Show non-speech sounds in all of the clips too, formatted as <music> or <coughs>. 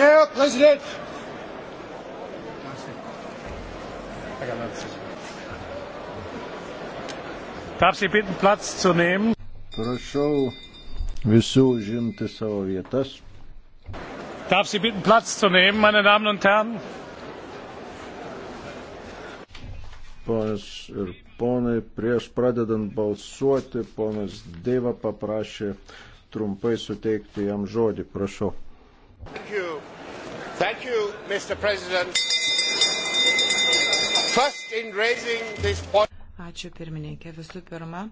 Der Präsident! Darf Sie bitten, Platz zu nehmen? Prašau visų užimti savo vietas. Darf Sie bitten, Platz zu nehmen, meine Damen und Herren? Ponas ir ponai, prieš pradedant balsuoti, ponas Deiva paprašė trumpai suteikti jam žodį. Prašau. Thank you. Thank you, Mr. President. First in raising this point. Ačiū pirmininkė. Visų pirma,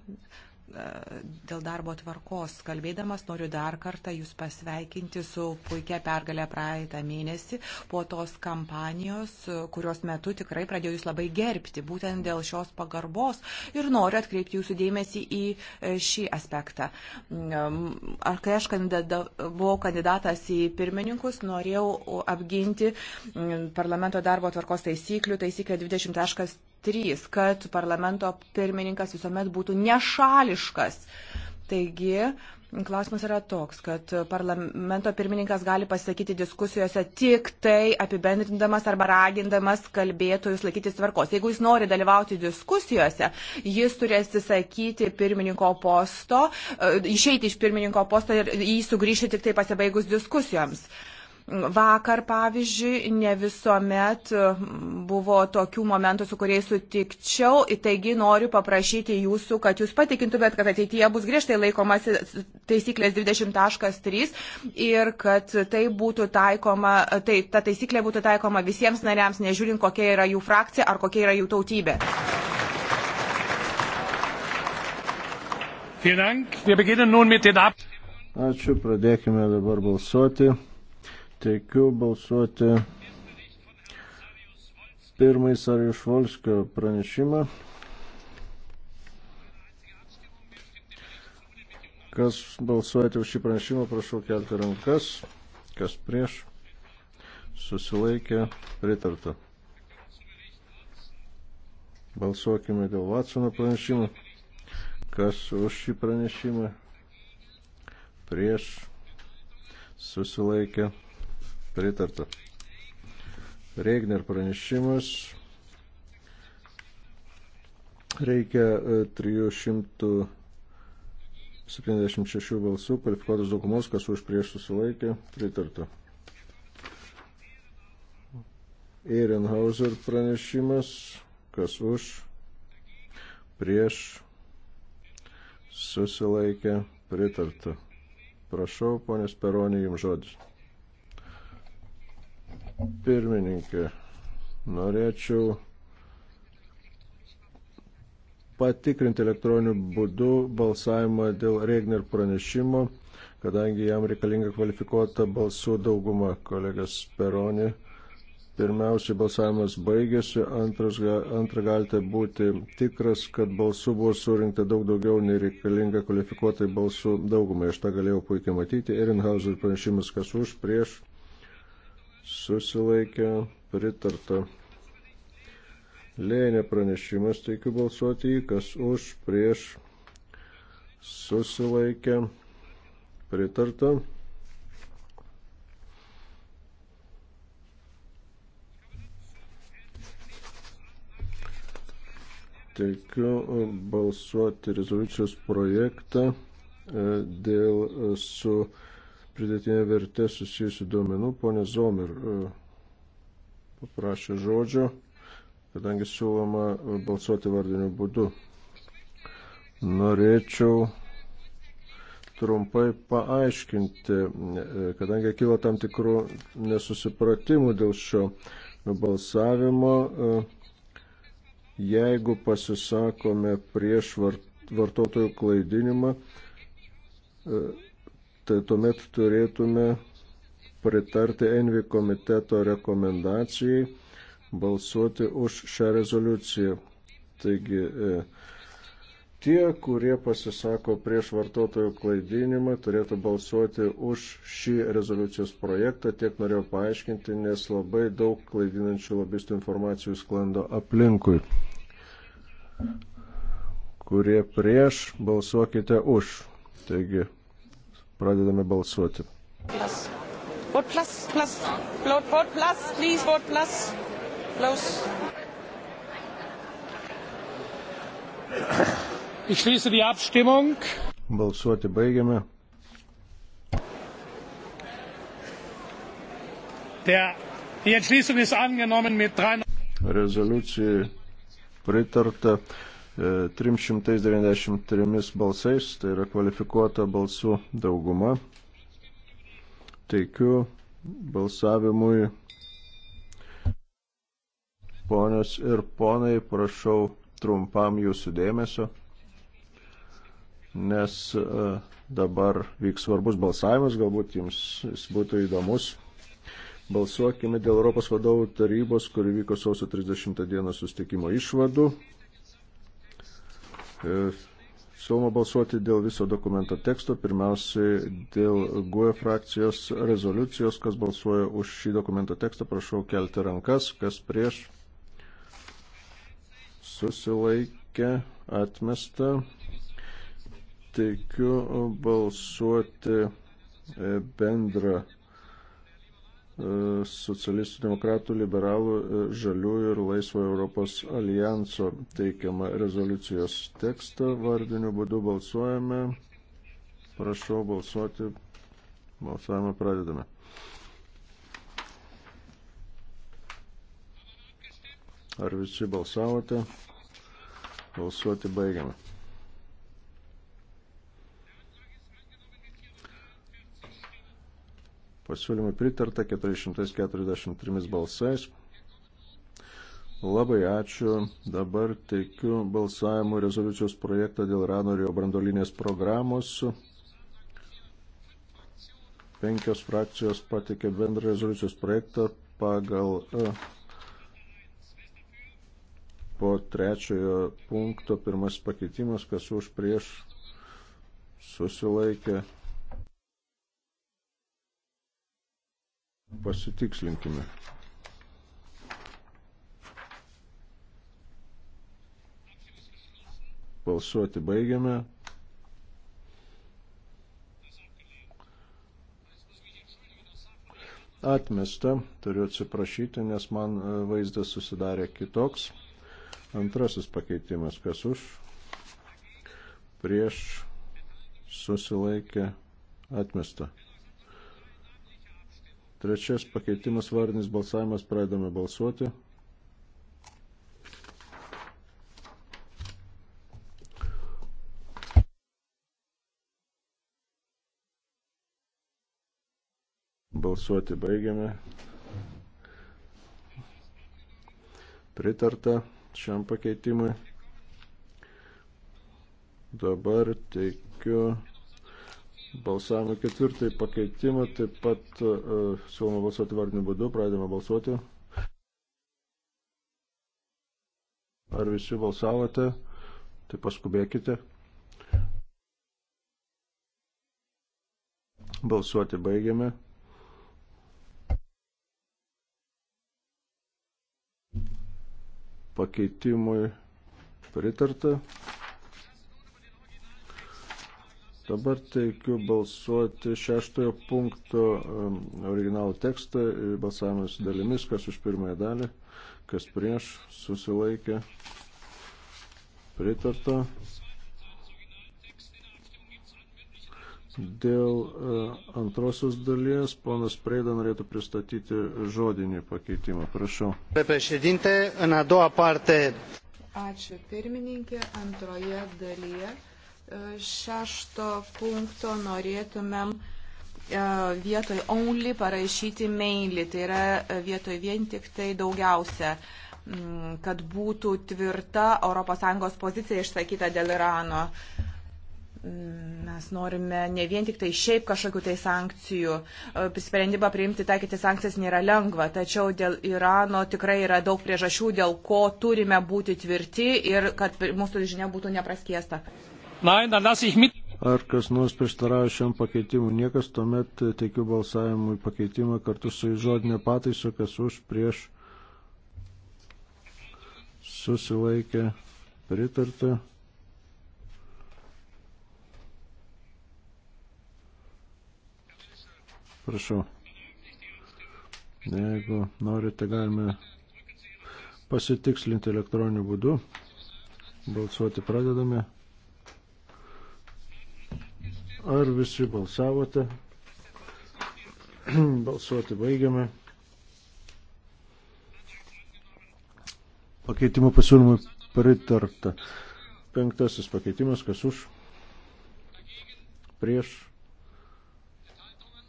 dėl darbo tvarkos. Kalbėdamas noriu dar kartą Jūs pasveikinti su puikia pergalė praeitą mėnesį po tos kampanijos, kurios metu tikrai pradėjau Jūs labai gerbti, būtent dėl šios pagarbos ir noriu atkreipti Jūsų dėmesį į e, šį aspektą. Mm, Ar kai aš kandida, buvau kandidatas į pirmininkus, norėjau apginti mm, parlamento darbo tvarkos taisyklių, taisyklė 20 trys, kad parlamento pirmininkas visuomet būtų nešališkas. Taigi, Klausimas yra toks, kad parlamento pirmininkas gali pasakyti diskusijose tik tai apibendrindamas arba ragindamas kalbėtojus laikytis tvarkos. Jeigu jis nori dalyvauti diskusijose, jis turi atsisakyti pirmininko posto, e, išeiti iš pirmininko posto ir jį sugrįžti tik tai pasibaigus diskusijoms. Uh, Vakar, pavyzdžiui, ne visuomet buvo tokių momentų, su kuriais sutikčiau, taigi noriu paprašyti jūsų, kad jūs patikintumėt, kad ateityje bus griežtai laikomasi taisyklės 20.3 ir kad tai būtų taikoma, tai ta taisyklė būtų taikoma visiems nariams, nežiūrint, kokia yra jų frakcija ar kokia yra jų tautybė. Ačiū, pradėkime dabar balsuoti teikiu balsuoti pirmąjį Sarijus Volskio pranešimą. Kas balsuojate už šį pranešimą, prašau kelti rankas. Kas prieš? Susilaikė, pritarta. Balsuokime dėl Vatsono pranešimo. Kas už šį pranešimą? Prieš susilaikė, pritarta pritarta. Regner pranešimas. Reikia 376 e, balsų, kvalifikuotas daugumos, kas už prieš susilaikė, pritarta. Ehrenhauser pranešimas, kas už prieš susilaikė, pritarta. Prašau, ponės Peronė, jums žodis pirmininkė. Norėčiau patikrinti elektroniniu būdu balsavimą dėl Regner pranešimo, kadangi jam reikalinga kvalifikuota balsų dauguma, kolegas Peroni. Pirmiausiai balsavimas baigėsi, antras, antra galite būti tikras, kad balsų buvo surinkta daug daugiau nei reikalinga kvalifikuotai balsų daugumai. Aš tą galėjau puikiai matyti. Erinhauser pranešimas, kas už, prieš, susilaikė pritarta. Lėnė pranešimas teikiu balsuoti, kas už, prieš, susilaikė pritarta. teikiu balsuoti rezoliucijos projektą e, dėl e, su pridėtinė vertė susijusių duomenų. Pone Zomer e, paprašė žodžio, kadangi siūloma balsuoti vardiniu būdu. Norėčiau trumpai paaiškinti, e, kadangi kilo tam tikrų nesusipratimų dėl šio balsavimo. E, jeigu pasisakome prieš vartotojų klaidinimą, tai tuomet turėtume pritarti Envi komiteto rekomendacijai balsuoti už šią rezoliuciją. Taigi e, tie, kurie pasisako prieš vartotojų klaidinimą, turėtų balsuoti už šį rezoliucijos projektą. Tiek norėjau paaiškinti, nes labai daug klaidinančių lobistų informacijų sklando aplinkui. Kurie prieš, balsuokite už. Taigi Pradedame balsuoti. Plus. Vote plus, plus. Vote, vote plus, please, vote plus. Close. Ich schließe die Abstimmung. Balsuoti baigiame. Der, die Entschließung ist angenommen mit drei. Rezoliucijai pritarta 393 e, balsais, tai yra kvalifikuota balsų dauguma. Teikiu balsavimui ponios ir ponai, prašau trumpam jūsų dėmesio, nes e, dabar vyks svarbus balsavimas, galbūt jums jis būtų įdomus. Balsuokime dėl Europos vadovų tarybos, kuri vyko sausio 30 dieną sustikimo išvadų. E, siūloma balsuoti dėl viso dokumento teksto, pirmiausiai dėl GUE frakcijos rezoliucijos, kas balsuoja už šį dokumento tekstą, prašau kelti rankas, kas prieš susilaikė, atmesta. Teikiu balsuoti e, bendrą E, socialistų, demokratų, liberalų, e, žaliųjų ir laisvo Europos alijanso teikiamą rezoliucijos tekstą. Vardiniu būdu balsuojame. Prašau balsuoti. Balsavimą pradedame. Ar visi balsavote? Balsuoti baigiame. Pasiūlymai pritarta 443 balsais. Labai ačiū. Dabar teikiu balsavimo rezoliucijos projektą dėl Ranorio brandolinės programos. Penkios frakcijos patikė bendrą rezoliucijos projektą pagal e, po trečiojo punkto pirmas pakeitimas, kas už prieš susilaikė Pasitikslinkime. Balsuoti baigiame. Atmesta, turiu atsiprašyti, nes man e, vaizdas susidarė kitoks. Antrasis pakeitimas, kas už, prieš, susilaikė, atmesta. Trečias pakeitimas vardinis balsavimas, pradedame balsuoti. Balsuoti baigiame. Pritarta šiam pakeitimui. Dabar teikiu balsavimo ketvirtai pakeitimą, taip pat uh, siūloma balsuoti vardiniu būdu, pradėjome balsuoti. Ar visi balsavote, tai paskubėkite. Balsuoti baigiame. Pakeitimui pritarta. Dabar teikiu balsuoti šeštojo punkto originalų tekstą e, balsavimas dalimis, kas už pirmąją dalį, kas prieš, susilaikė, pritarta. Dėl e, antrosios dalies ponas Preida norėtų pristatyti žodinį pakeitimą. Prašau. Ačiū pirmininkė. Antroje dalyje šešto punkto norėtumėm e, vietoj only parašyti mainly, tai yra e, vietoj vien tik tai daugiausia, mm, kad būtų tvirta ES pozicija išsakyta dėl Irano. Mm, mes norime ne vien tik tai šiaip kažkokių tai sankcijų, e, sprendimą priimti taikyti sankcijas nėra lengva, tačiau dėl Irano tikrai yra daug priežasčių, dėl ko turime būti tvirti ir kad mūsų žinia būtų nepraskiesta. Nein, dann lasse ich mit. Ar kas nors prieštarauja šiam pakeitimui? Niekas tuomet teikiu balsavimui pakeitimą kartu su žodinė pataisa, kas už prieš susilaikė pritarta. Prašau. Jeigu norite, galime pasitikslinti elektroniniu būdu. Balsuoti pradedame. Ar visi balsavote? <clears throat> Balsuoti baigiame. Pakeitimų pasiūlymui pritarta. Penktasis pakeitimas, kas už? Prieš.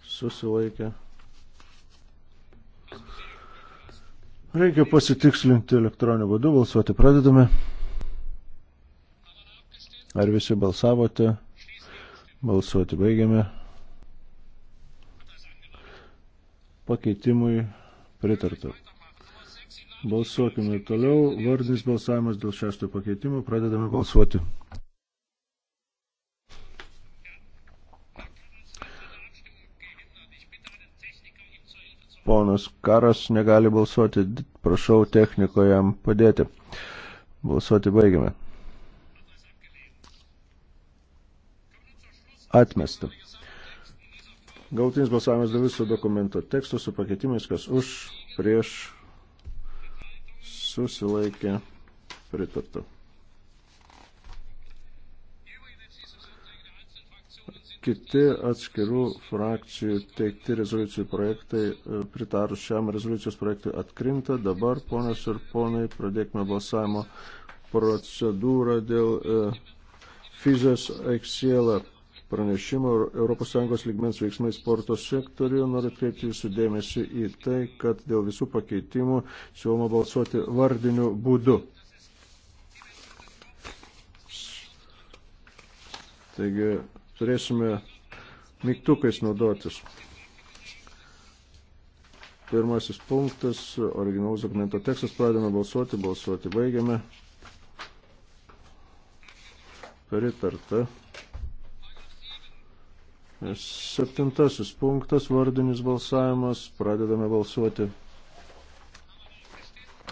Susilaikę. Reikia pasitikslinti elektroniniu būdu, balsuoti pradedame. Ar visi balsavote? Balsuoti baigiame. Pakeitimui pritarta. Balsuokime toliau. Vardinis balsavimas dėl šešto pakeitimo. Pradedame balsuoti. Ponas Karas negali balsuoti. Prašau techniko jam padėti. Balsuoti baigiame. atmesta. Gautinis balsavimas dėl viso dokumento teksto su pakeitimais, kas už, prieš, susilaikė, pritarta. Kiti atskirų frakcijų teikti rezoliucijų projektai, e, pritarus šiam rezoliucijos projektui atkrinta. Dabar, ponios ir ponai, pradėkime balsavimo procedūrą dėl e, fizijos aikšėlą pranešimo ES lygmens veiksmai sporto sektoriuje. Noriu atkreipti jūsų dėmesį į tai, kad dėl visų pakeitimų siūloma balsuoti vardiniu būdu. Taigi turėsime mygtukais naudotis. Pirmasis punktas, originalus dokumento tekstas, pradėjome balsuoti, balsuoti baigiame. Pritarta. Septintasis punktas, vardinis balsavimas, pradedame balsuoti.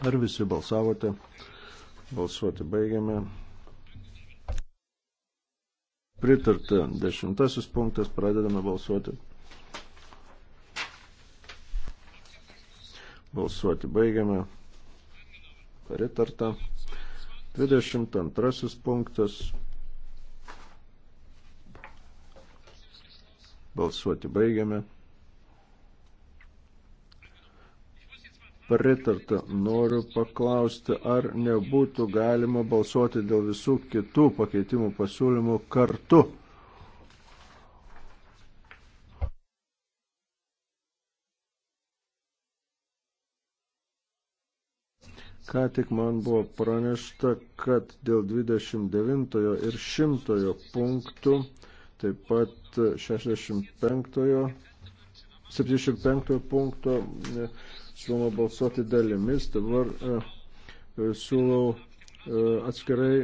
Ar visi balsavote? Balsuoti baigiame. Pritarta. Dešimtasis punktas, pradedame balsuoti. Balsuoti baigiame. Pritarta. 22 punktas, Balsuoti baigiame. Pritarta, noriu paklausti, ar nebūtų galima balsuoti dėl visų kitų pakeitimų pasiūlymų kartu. Ką tik man buvo pranešta, kad dėl 29 ir 100 punktų taip pat 65, 75 punkto e, siūloma balsuoti dalimis, dabar e, e, siūlau atskirai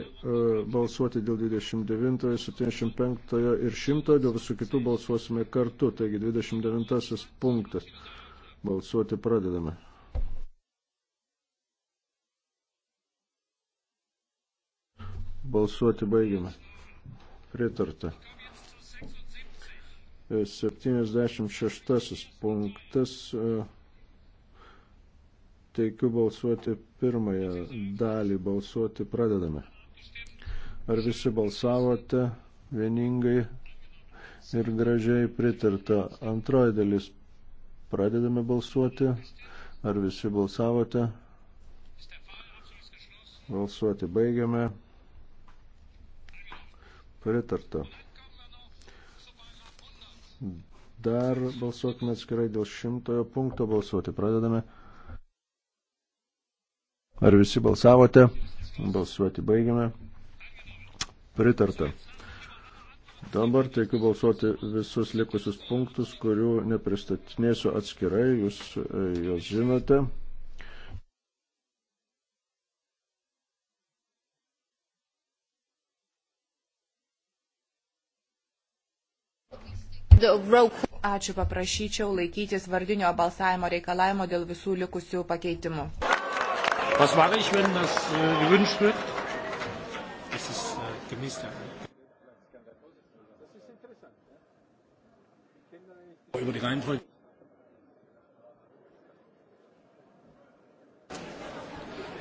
balsuoti dėl 29, 75 ir 100, dėl visų kitų balsuosime kartu, taigi 29 punktas. Balsuoti pradedame. Balsuoti baigiame. Pritarta. 76 e, punktas. E, teikiu balsuoti pirmąją dalį. Balsuoti pradedame. Ar visi balsavote vieningai ir gražiai pritarta? Antroji dalis. Pradedame balsuoti. Ar visi balsavote? Balsuoti baigiame. Pritarta. Dar balsuokime atskirai dėl šimtojo punkto balsuoti. Pradedame. Ar visi balsavote? Balsuoti baigiame. Pritarta. Dabar teikiu balsuoti visus likusius punktus, kurių nepristatinėsiu atskirai, jūs e, juos žinote. Ačiū paprašyčiau laikytis vardinio balsavimo reikalavimo dėl visų likusių pakeitimų. Was mache ich, wenn das äh, e, gewünscht wird? Ist es äh, gemäß der. Über die Reihenfolge.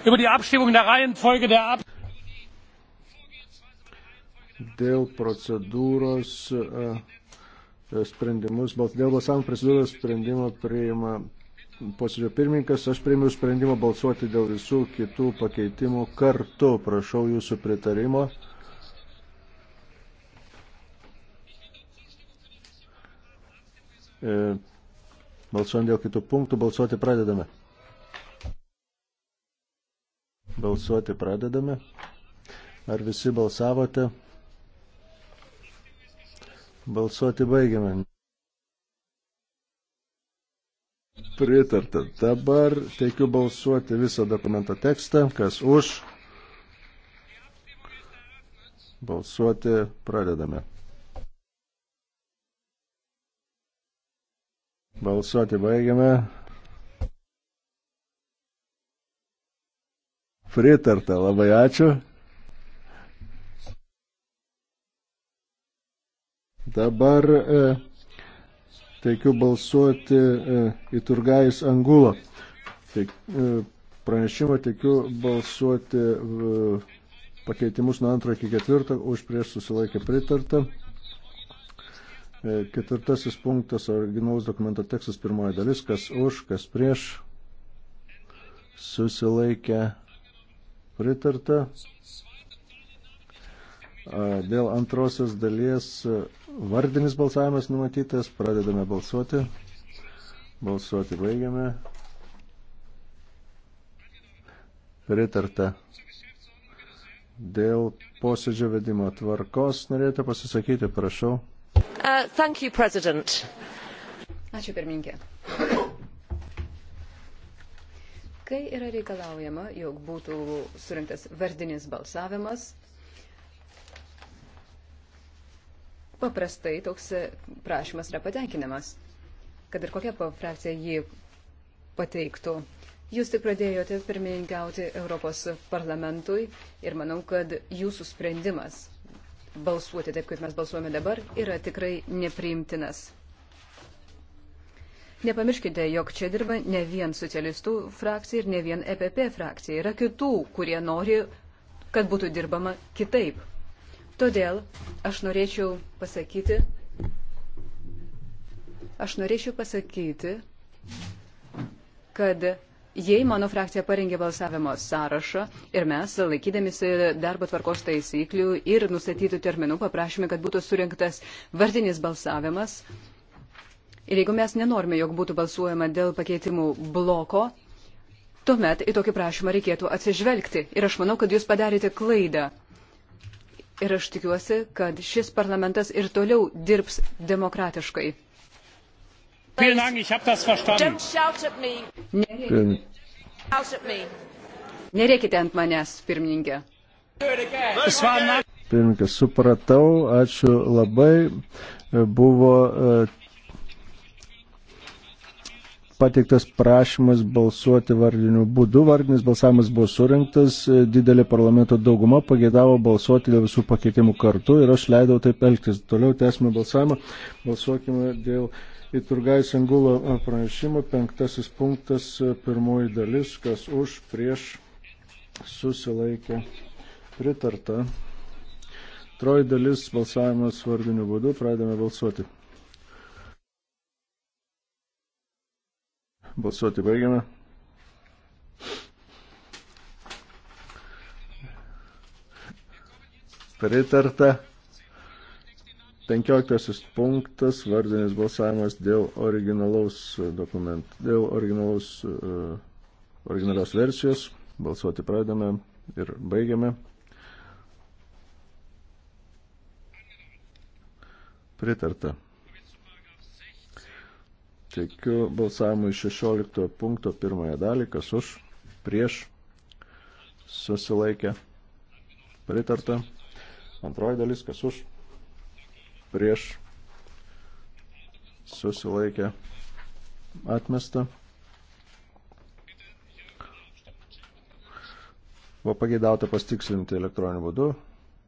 Über die Abstimmung der Reihenfolge der Ab Dėl procedūros. Äh, sprendimus, dėl balsavimo procedūros sprendimo priima posėdžio pirmininkas, aš priimiu sprendimą balsuoti dėl visų kitų pakeitimų kartu. Prašau jūsų pritarimo. E, balsuojant dėl kitų punktų, balsuoti pradedame. Balsuoti pradedame. Ar visi balsavote? Balsuoti baigiame. Pritarta. Dabar teikiu balsuoti visą dokumento tekstą. Kas už? Balsuoti pradedame. Balsuoti baigiame. Pritarta. Labai ačiū. Dabar e, teikiu balsuoti e, į Turgais Angulo. Teik, e, pranešimą teikiu balsuoti e, pakeitimus nuo antro iki ketvirto, už prieš susilaikė pritarta. E, ketvirtasis punktas, originalus dokumento tekstas, pirmoji dalis, kas už, kas prieš susilaikė pritarta. Dėl antrosios dalies vardinis balsavimas numatytas. Pradedame balsuoti. Balsuoti baigiame. Pritarta. Dėl posėdžio vedimo tvarkos norėjote pasisakyti, prašau. Uh, thank you, President. Ačiū, pirmininkė. Kai yra reikalaujama, jog būtų surinktas vardinis balsavimas, paprastai toks e, prašymas yra patenkinamas, kad ir kokia frakcija jį pateiktų. Jūs tik pradėjote pirmininkauti Europos parlamentui ir manau, kad jūsų sprendimas balsuoti taip, kaip mes balsuojame dabar, yra tikrai nepriimtinas. Nepamirškite, jog čia dirba ne vien socialistų frakcija ir ne vien EPP frakcija. Yra kitų, kurie nori, kad būtų dirbama kitaip. Todėl aš norėčiau pasakyti, aš norėčiau pasakyti, kad jei mano frakcija parengė balsavimo sąrašą ir mes, laikydamėsi darbo tvarkos taisyklių ir nustatytų terminų, paprašėme, kad būtų surinktas vardinis balsavimas. Ir jeigu mes nenorime, jog būtų balsuojama dėl pakeitimų bloko, tuomet į tokį prašymą reikėtų atsižvelgti. Ir aš manau, kad jūs padarėte klaidą ir aš tikiuosi, kad šis parlamentas ir toliau dirbs demokratiškai. Nerėkite, Nerėkite ant manęs, pirmininkė. Pirmininkas, supratau, ačiū labai. Buvo pateiktas prašymas balsuoti vardiniu būdu. Vardinis balsavimas buvo surinktas, e, didelė parlamento dauguma pagėdavo balsuoti dėl visų pakeitimų kartu ir aš leidau taip elgtis. Toliau tęsime balsavimą. Balsuokime dėl Iturgais Angulo pranešimo. Penktasis punktas, e, pirmoji dalis, kas už, prieš, susilaikė, pritarta. Troji dalis balsavimas vardiniu būdu, pradame balsuoti. Balsuoti baigiame. Pritarta. 15 punktas, vardinis balsavimas dėl originalaus dokumentų, dėl originalaus, uh, originalios versijos. Balsuoti pradame ir baigiame. Pritarta. Teikiu balsavimui 16 punkto pirmąją dalį, kas už, prieš, susilaikė, pritarta. Antroji dalis, kas už, prieš, susilaikė, atmesta. Buvo pageidauta pastikslinti elektroniniu būdu.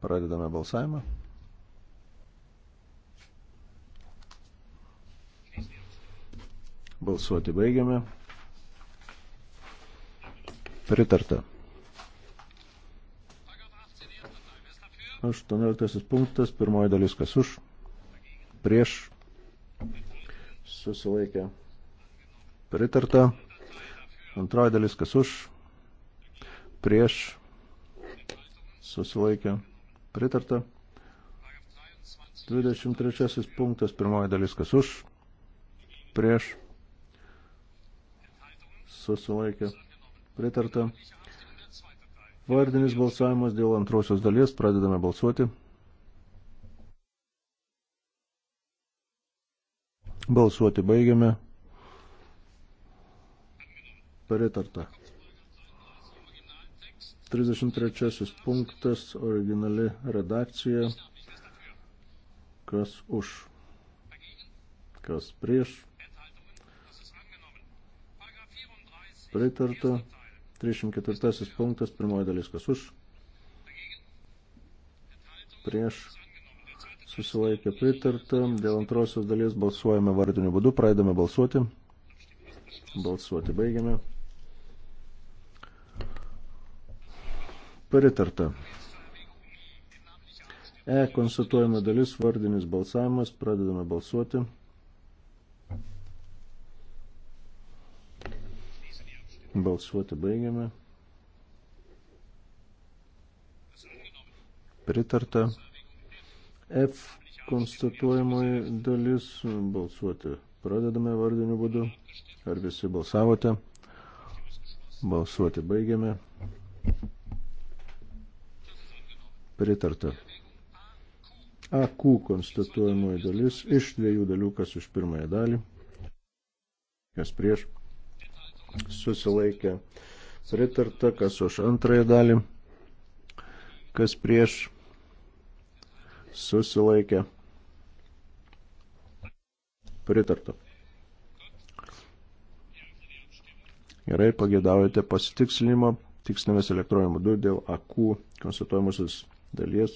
Pradedame balsavimą. Balsuoti baigiame. Pritarta. 18 punktas, pirmoji dalis kas už, prieš, susilaikė, pritarta, antroji dalis kas už, prieš, susilaikė, pritarta, 23 punktas, pirmoji dalis kas už, prieš, susilaikė pritarta. Vardinis balsavimas dėl antrosios dalies. Pradedame balsuoti. Balsuoti baigiame. Pritarta. 33 punktas, originali redakcija. Kas už? Kas prieš? pritarta. 34 punktas, pirmoji dalis, kas už, prieš, susilaikė pritarta. Dėl antrosios dalies balsuojame vardiniu būdu, pradedame balsuoti. Balsuoti baigiame. Pritarta. E konstatuojama dalis, vardinis balsavimas, pradedame balsuoti. Balsuoti baigiame. Pritarta. F konstatuojamoji dalis. Balsuoti pradedame vardiniu būdu. Ar visi balsavote? Balsuoti baigiame. Pritarta. AQ konstatuojamoji dalis iš dviejų dalių, kas už pirmąją dalį, kas prieš susilaikė pritarta, kas už antrąją dalį, kas prieš susilaikė pritarta. Gerai, pagėdaujate pasitikslinimo, tikslinamės elektroniniu būdu dėl akų konstatuojamosios dalies.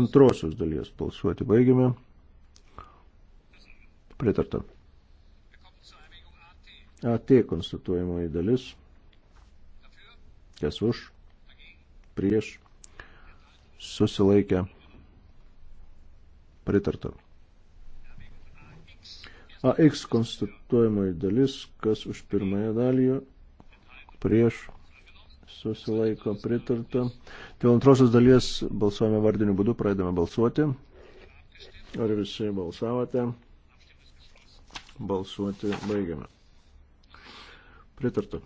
Antrosios dalies balsuoti baigiame. Pritarta. AT konstatuojamoji dalis. Kas už, prieš, susilaikę, pritarta. AX konstatuojamoji dalis, kas už pirmąją dalį, prieš, susilaiko pritarta. Dėl antrosios dalies balsuojame vardiniu būdu, pradedame balsuoti. Ar visi balsavote? Balsuoti baigiame. Pritarta.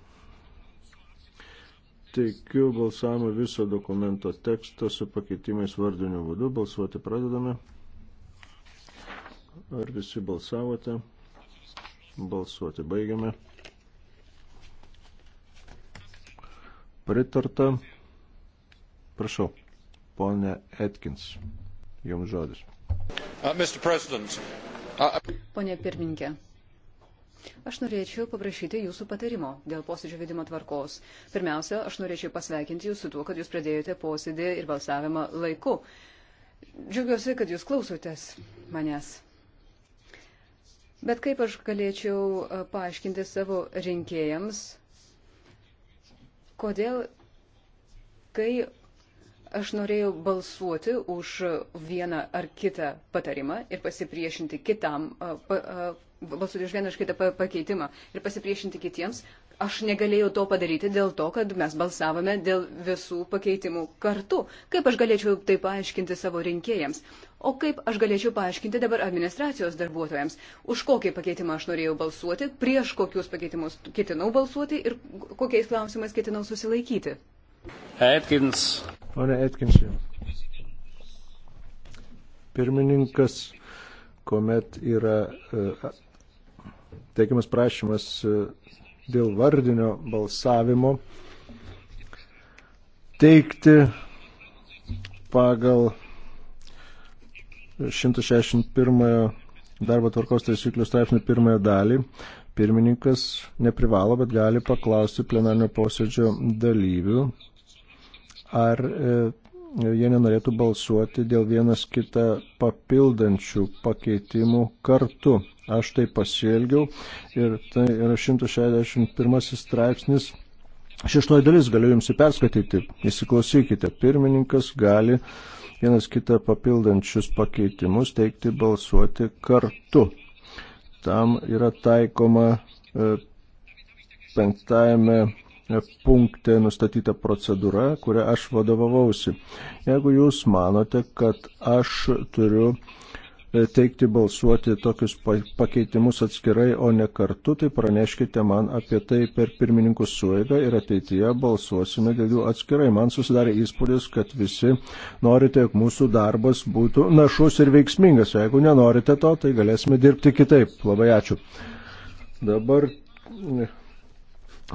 Teikiu balsavimą viso dokumento teksto su pakeitimais vardiniu būdu. Balsuoti pradedame. Ar visi balsavote? Balsuoti baigiame. Pritarta. Prašau, ponė Atkins, jums žodis. Uh, uh Pone pirmininkė, Aš norėčiau paprašyti jūsų patarimo dėl posėdžio vedimo tvarkos. Pirmiausia, aš norėčiau pasveikinti jūs su tuo, kad jūs pradėjote posėdį ir balsavimą laiku. Džiaugiuosi, kad jūs klausotės manęs. Bet kaip aš galėčiau e, paaiškinti savo rinkėjams, kodėl, kai aš norėjau balsuoti už vieną ar kitą patarimą ir pasipriešinti kitam, pa, balsuoti už vieną ar kitą pakeitimą ir pasipriešinti kitiems. Aš negalėjau to padaryti dėl to, kad mes balsavome dėl visų pakeitimų kartu. Kaip aš galėčiau tai paaiškinti savo rinkėjams? O kaip aš galėčiau paaiškinti dabar administracijos darbuotojams, už kokį pakeitimą aš norėjau balsuoti, prieš kokius pakeitimus ketinau balsuoti ir kokiais klausimais ketinau susilaikyti? Atkins. Pane Atkinsai. Pirmininkas, kuomet yra e, teikiamas prašymas e, dėl vardinio balsavimo teikti pagal 161 darbo tvarkos taisyklių straipsnių pirmąją dalį. Pirmininkas neprivalo, bet gali paklausti plenarnio posėdžio dalyvių, ar e, jie nenorėtų balsuoti dėl vienas kitą papildančių pakeitimų kartu. Aš tai pasielgiau ir tai yra 161 straipsnis. Šeštoji dalis galiu jums įperskaityti. Įsiklausykite, pirmininkas gali vienas kitą papildančius pakeitimus teikti balsuoti kartu. Tam yra taikoma e, penktajame punkte nustatyta procedūra, kurią aš vadovavausi. Jeigu jūs manote, kad aš turiu e, teikti balsuoti tokius pakeitimus atskirai, o ne kartu, tai praneškite man apie tai per pirmininkų suėgą ir ateityje balsuosime dėl jų atskirai. Man susidarė įspūdis, kad visi norite, jog mūsų darbas būtų našus ir veiksmingas. Jeigu nenorite to, tai galėsime dirbti kitaip. Labai ačiū. Dabar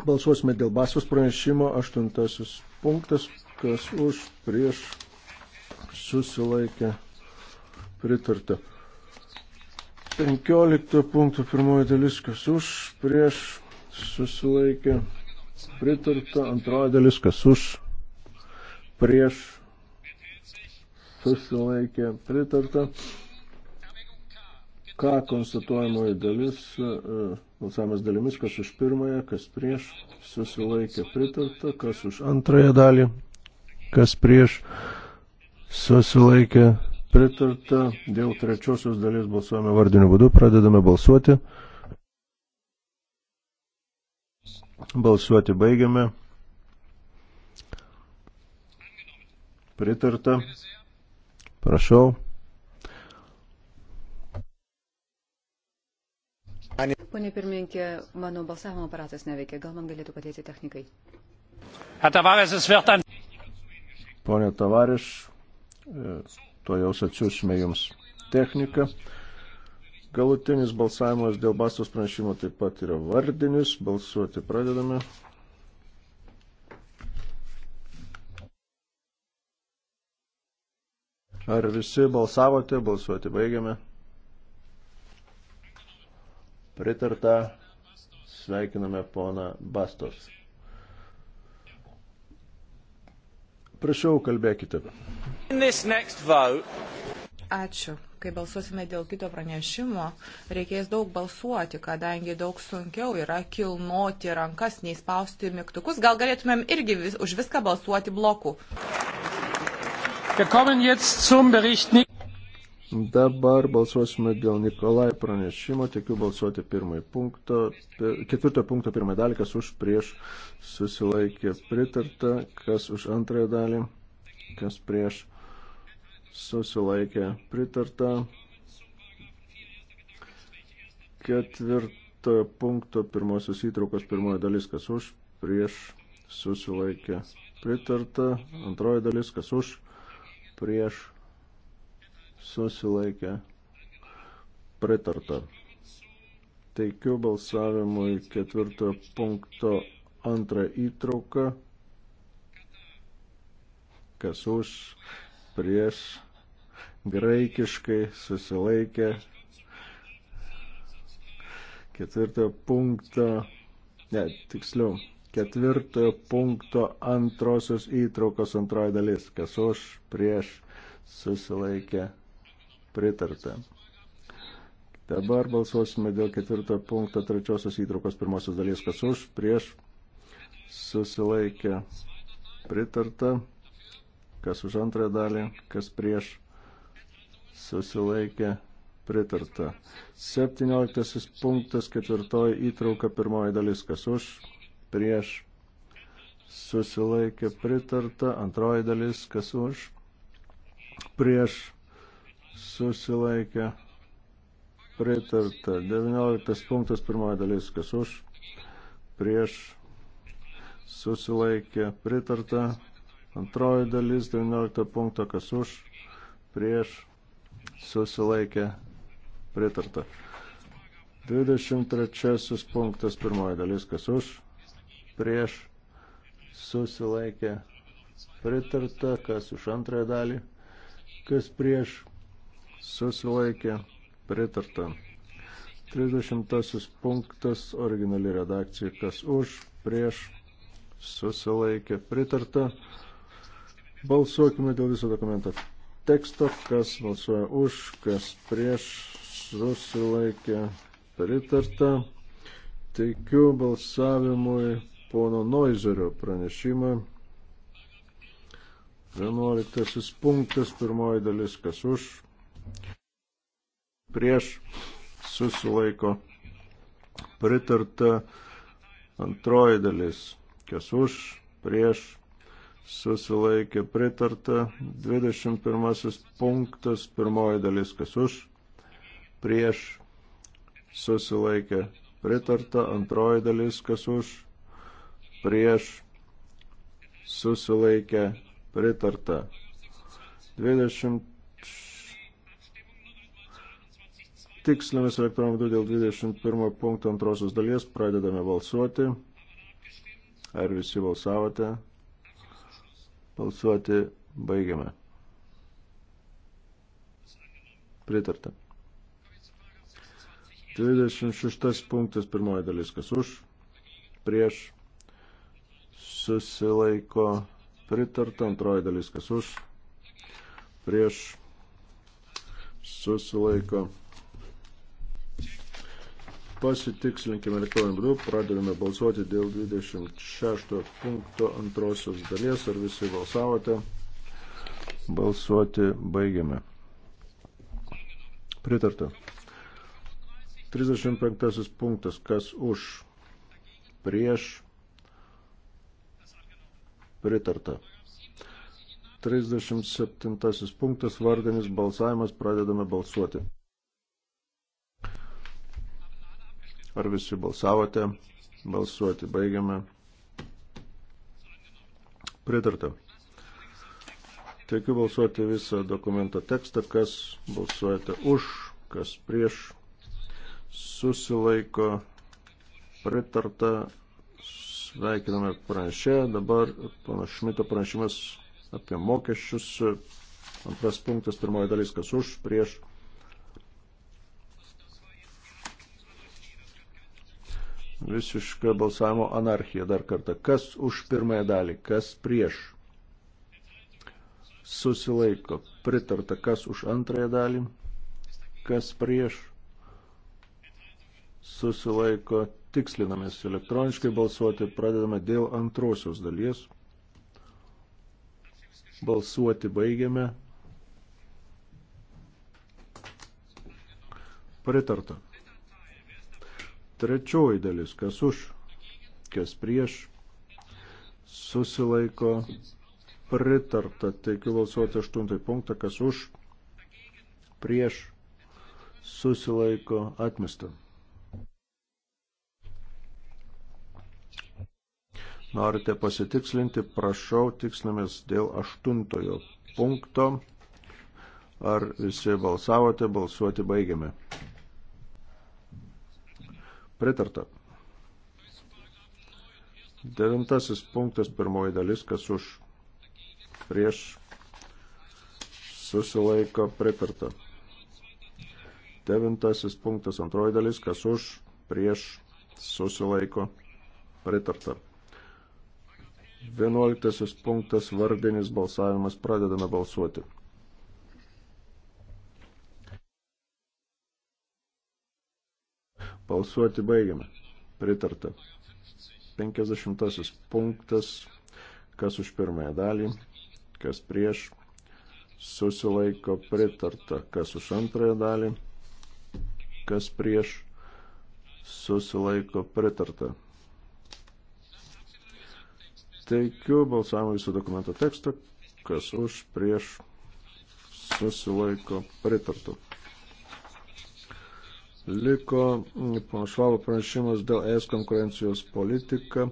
Balsuosime dėl basos pranešimo, aštuntasis punktas, kas už, prieš, susilaikė, pritarta. 15 punktų pirmoji dalis, kas už, prieš, susilaikė, pritarta. Antroji dalis, kas už, prieš, susilaikė, pritarta. Ką konstatuojamoji dalis? Uh, Balsavimas dalimis, kas už pirmąją, kas prieš, susilaikė pritarta, kas už antrąją dalį, kas prieš, susilaikė pritarta. Dėl trečiosios dalies balsuojame vardiniu būdu, pradedame balsuoti. Balsuoti baigiame. Pritarta. Prašau. Pone pirmininkė, mano balsavimo aparatas neveikia. Gal man galėtų padėti technikai? Pone Tavariš, e, to jau atsiūsime jums techniką. Galutinis balsavimas dėl bastos pranešimo taip pat yra vardinis. Balsuoti pradedame. Ar visi balsavote? Balsuoti baigiame pritarta. Sveikiname poną Bastos. Prašau, kalbėkite. Ačiū. Kai balsuosime dėl kito pranešimo, reikės daug balsuoti, kadangi daug sunkiau yra kilnoti rankas, nei spausti mygtukus. Gal galėtumėm irgi vis, už viską balsuoti blokų. Dabar balsuosime dėl Nikolai pranešimo, tikiu balsuoti pirmąjį punktą, ketvirto punkto pirmąjį dalį, kas už prieš susilaikė pritarta, kas už antrąją dalį, kas prieš susilaikė pritarta. Ketvirto punkto pirmosios įtraukos pirmoji dalis, kas už prieš susilaikė pritarta, antroji dalis, kas už prieš susilaikė pritarta. Teikiu balsavimui ketvirtojo punkto antrą įtrauką. Kas už, prieš, graikiškai susilaikė ketvirtojo punkto, ne, tiksliau, ketvirtojo punkto antrosios įtraukos antroji dalis, kas už, prieš, susilaikė pritarta. Dabar balsuosime dėl ketvirto punkto trečiosios įtraukos pirmosios dalies, kas už, prieš, susilaikė, pritarta, kas už antrąją dalį, kas prieš, susilaikė, pritarta. Septynioliktasis punktas ketvirtoji įtrauka pirmoji dalis, kas už, prieš, susilaikė, pritarta, antroji dalis, kas už, prieš, susilaikė pritarta. 19 punktas pirmoji dalis, kas už, prieš, susilaikė pritarta. Antroji dalis, 19 punkto, kas už, prieš, susilaikė pritarta. 23 punktas pirmoji dalis, kas už, prieš, susilaikė pritarta, kas už antrąją dalį, kas prieš, susilaikė, pritarta. 30 punktas originali redakcija, kas už, prieš, susilaikė, pritarta. Balsuokime dėl viso dokumento teksto, kas balsuoja už, kas prieš, susilaikė, pritarta. Teikiu balsavimui pono Noizerio pranešimą. 11 punktas, pirmoji dalis, kas už, prieš susilaiko pritarta antroji dalis, kas už, prieš susilaikė pritarta 21 punktas, pirmoji dalis, kas už, prieš susilaikė pritarta antroji dalis, kas už, prieš susilaikė pritarta 20 pasitikslimis elektroniniu būdu dėl 21 punkto antrosios dalies. Pradedame balsuoti. Ar visi balsavote? Balsuoti baigiame. Pritarta. 26 punktas pirmoji dalis, kas už, prieš, susilaiko, pritarta, antroji dalis, kas už, prieš, susilaiko, pritarta pasitikslinkime elektroniniu būdu, pradedame balsuoti dėl 26 punkto antrosios dalies, ar visi balsavote. Balsuoti baigiame. Pritarta. 35 punktas, kas už, prieš, pritarta. 37 punktas, vardinis balsavimas, pradedame balsuoti. Ar visi balsavote? Balsuoti baigiame. Pritarta. Teikiu balsuoti visą dokumento tekstą, kas balsuojate už, kas prieš. Susilaiko. Pritarta. Sveikiname pranešę. Dabar pana Šmito pranešimas apie mokesčius. Antras punktas, pirmoji dalis, kas už, prieš visiška balsavimo anarchija dar kartą. Kas už pirmąją dalį, kas prieš? Susilaiko. Pritarta, kas už antrąją dalį, kas prieš? Susilaiko. Tikslinamės elektroniškai balsuoti, pradedame dėl antrosios dalies. Balsuoti baigiame. Pritarta. Trečioji dalis, kas už, kas prieš, susilaiko pritarta. Teikiu balsuoti aštuntąjį punktą, kas už, prieš, susilaiko atmesta. Norite pasitikslinti, prašau, tikslinamės dėl aštuntojo punkto. Ar visi balsavote, balsuoti baigiame. Pritarta. Devintasis punktas, pirmoji dalis, kas už prieš susilaiko pritarta. Devintasis punktas, antroji dalis, kas už prieš susilaiko pritarta. Vienuoliktasis punktas, vardinis balsavimas, pradedame balsuoti. Balsuoti baigiame. Pritarta. 50 punktas. Kas už pirmąją dalį, kas prieš. Susilaiko pritarta. Kas už antrąją dalį, kas prieš. Susilaiko pritarta. Teikiu balsavimą visų dokumento tekstą. Kas už prieš. Susilaiko pritarta. Liko mm, Švabo pranešimas dėl ES konkurencijos politiką.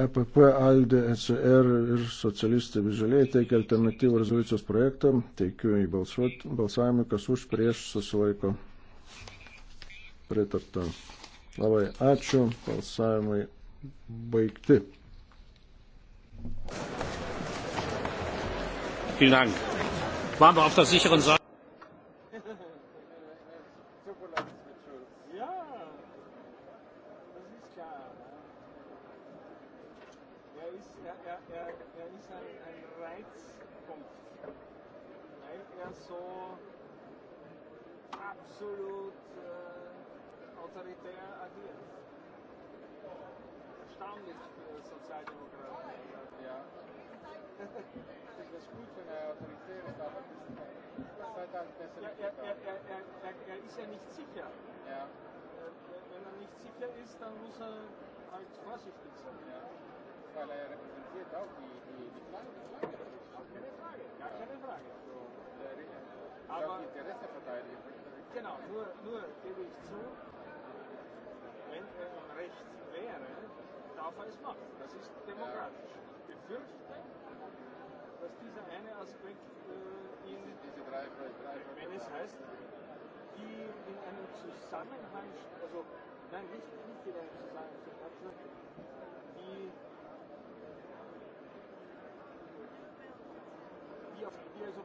EPP, ALDE, SR e ir socialistai Vižaliai teikia alternatyvų rezoliucijos projektą. Teikiu į balsuot, balsavimą, kas už prieš susilaiko pritarta. Labai ačiū, balsavimai baigti. Vielen Dank. Waren wir auf der sicheren Seite? ook die, die, die kleine, die kleinere. Auch keine Frage, gar keine Frage. So, der, äh, aber auch Interesse verteidigen. Genau, nur, nur gebe ich zu, wenn er im Recht wäre, darf er es machen. Das ist demokratisch. Ja. Ich befürchte, dass dieser eine Aspekt äh, in, diese, diese drei, drei, drei, wenn es heißt, die in einem Zusammenhang, also nein, nicht, nicht in einem Zusammenhang, die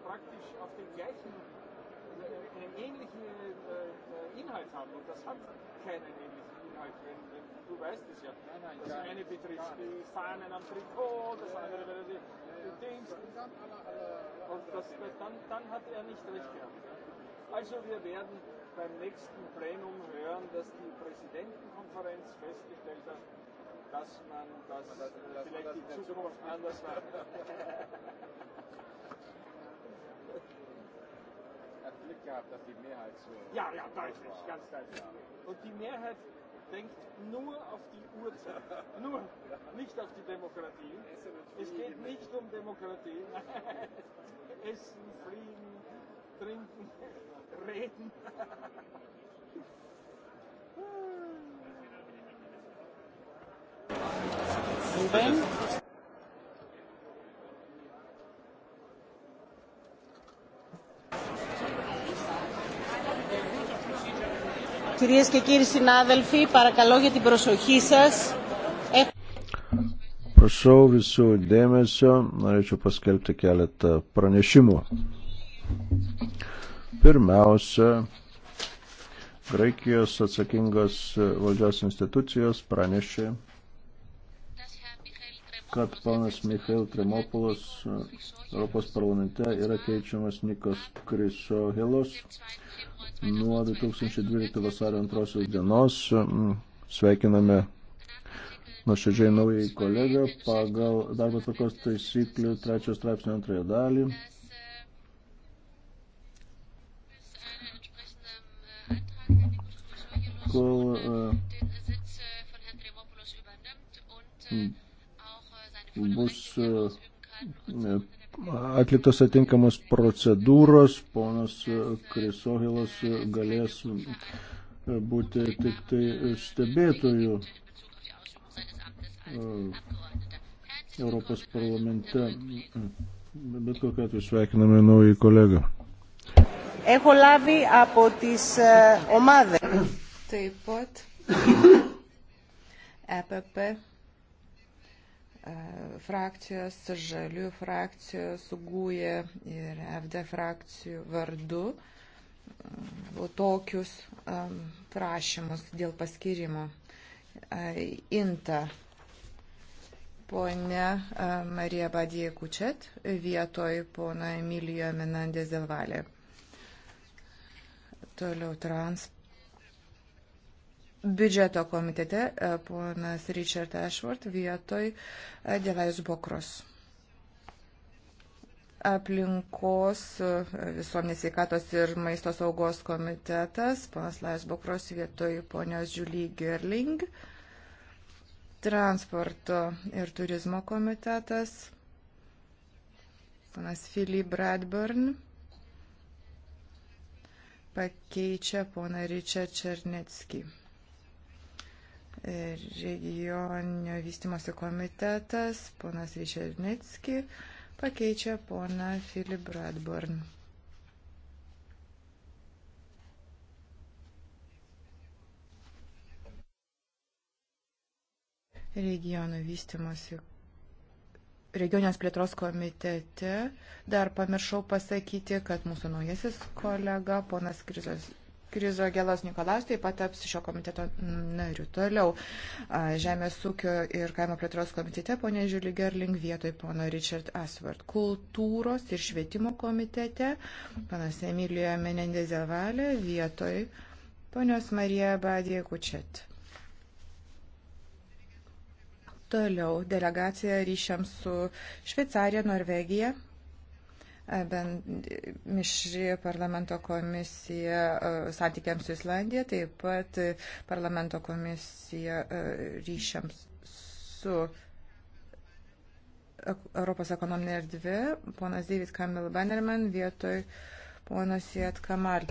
praktisch auf den gleichen, äh, einen ähnlichen äh, äh, Inhalt haben. Und das hat keinen ähnlichen Inhalt, wenn, wenn du weißt es ja. Nein, nein, das eine nicht, betrifft die Fahnen am Trikot, das andere ja, die, ja, die Dings. Und das, das, dann, dann hat er nicht recht gehabt. Also wir werden beim nächsten Plenum hören, dass die Präsidentenkonferenz festgestellt hat, dass man das, dass man das äh, vielleicht das in Zukunft anders macht. <laughs> Glück gehabt, dass die Mehrheit so. Ja, ja, deutlich, war. ganz deutlich. Und die Mehrheit denkt nur auf die Uhrzeit, nur, nicht auf die Demokratie. Es geht nicht um Demokratie. <laughs> Essen, Frieden, Trinken, <laughs> Reden. Und dann? Κυρίες και κύριοι συνάδελφοι, παρακαλώ για την προσοχή σας. Prašau visų dėmesio, norėčiau paskelbti keletą pranešimų. Pirmiausia, Graikijos atsakingos valdžios institucijos pranešė kad panas Mikhail Tremopolos e, Europos parlamente yra keičiamas Nikos Krisohilos nuo 2012 vasario antrosios dienos. E, sveikiname nuoširdžiai naujai kolegą pagal darbo tvarkos taisyklių trečios straipsnio antrąją dalį. kol uh, bus e, atliktos atinkamos procedūros, ponas Krisohilas galės būti tik tai stebėtojų e, Europos parlamente. Bet kokiu atveju sveikiname naują kolegą. Έχω λάβει από τις ομάδες. Taip pat. EPP <coughs> frakcijos, žalių frakcijos, gūje ir FD frakcijų vardu tokius um, prašymus dėl paskirimo. Inta ponia Marija Badie Kučet vietoj pono Emilijo Menandės Delvalė. Toliau transportas biudžeto komitete e, ponas Richard Ashworth vietoj e, Dėlais Bokros aplinkos e, visuomenės sveikatos ir maisto saugos komitetas, panas Lais Bokros vietoj ponios Julie Gerling, transporto ir turizmo komitetas, panas Philip Bradburn pakeičia poną Richard Černetskį regioninio vystimosi komitetas, ponas Ryšernitski, pakeičia poną Philip Bradburn. Regionų vystimosi regionės plėtros komitete. Dar pamiršau pasakyti, kad mūsų naujasis kolega, ponas Krizas Krizo Gelos Nikolaus taip pat taps šio komiteto nariu. Toliau Žemės ūkio ir kaimo plėtros komitete ponė Žiulį Gerling vietoj pono Richard Asvart. Kultūros ir švietimo komitete panas Emilija Menendezevalė vietoj ponios Marija Badė Kučet. Toliau delegacija ryšiams su Šveicarija, Norvegija mišri parlamento komisija santykiams su Islandija, taip pat e, parlamento komisija e, ryšiams su Europos ekonominė erdvė, ponas David Kamil Bannerman vietoj ponas Jat Kamal.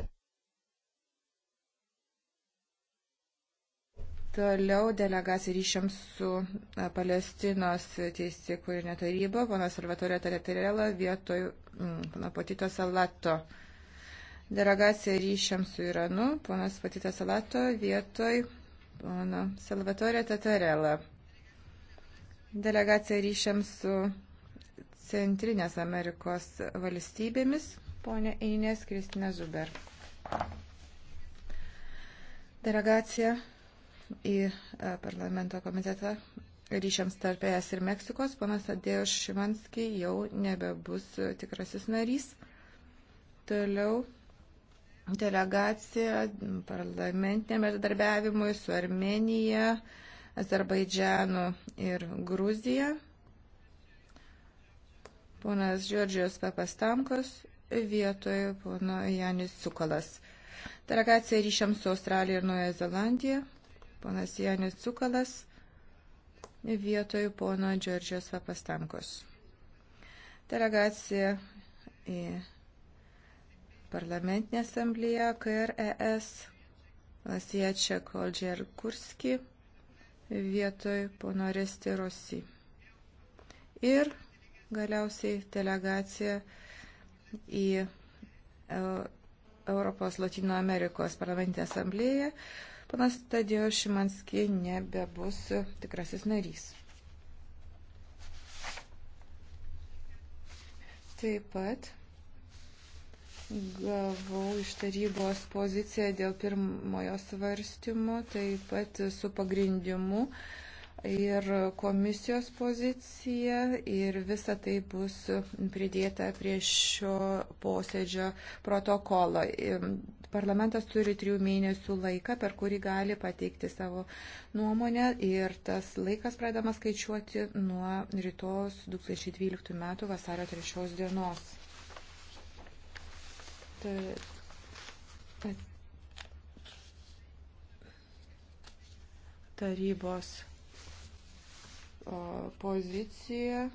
Toliau delegacija ryšiams su e, Palestinos teisė kūrinio taryba, ponas Salvatore Taretarela vietoj Mm, pana Patito Salato. Delegacija ryšiams su Iranu, ponas Patito Salato vietoj pono Salvatore Tatarela. Delegacija ryšiams su Centrinės Amerikos valstybėmis, ponė Einės Kristina Zuber. Delegacija į e, parlamento komitetą ryšiams tarp ES ir Meksikos. Ponas Adėjus Šimanski jau nebebus tikrasis narys. Toliau delegacija parlamentiniam bendradarbiavimui su Armenija, Azerbaidžianu ir Gruzija. Ponas Džiordžijos Papastamkos vietoje pono Janis Sukalas. Delegacija ryšiams su Australija ir Nuoja Zelandija. Ponas Janis Sukalas vietoj pono Džordžios Vapastankos. Delegacija į parlamentinę asamblėją KRES Lasiečia Koldžer Kurski vietoj pono Resti Rossi. Ir galiausiai delegacija į Europos Latino Amerikos parlamentinę asamblėją Panas Tadėjo Šimanski nebebus tikrasis narys. Taip pat gavau iš tarybos poziciją dėl pirmojo svarstymo, taip pat su pagrindimu ir komisijos pozicija ir visa tai bus pridėta prie šio posėdžio protokolo. Parlamentas turi trijų mėnesių laiką, per kurį gali pateikti savo nuomonę ir tas laikas pradedamas skaičiuoti nuo rytos 2012 m. vasario 3 dienos. Tai, tai tarybos pozicija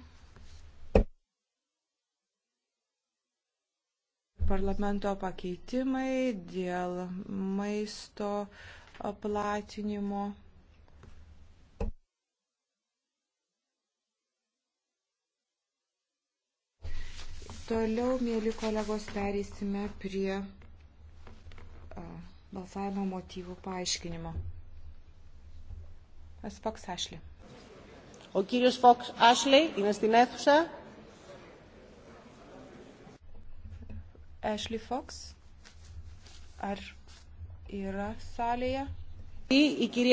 parlamento pakeitimai dėl maisto platinimo. Toliau, mėly kolegos, perėsime prie balsavimo motyvų paaiškinimo. Esu Fox Ashley. Ο κύριος Fox Ashley είναι στην αίθουσα. Ashley Fox. Ar yra salėje? Į, į kirė...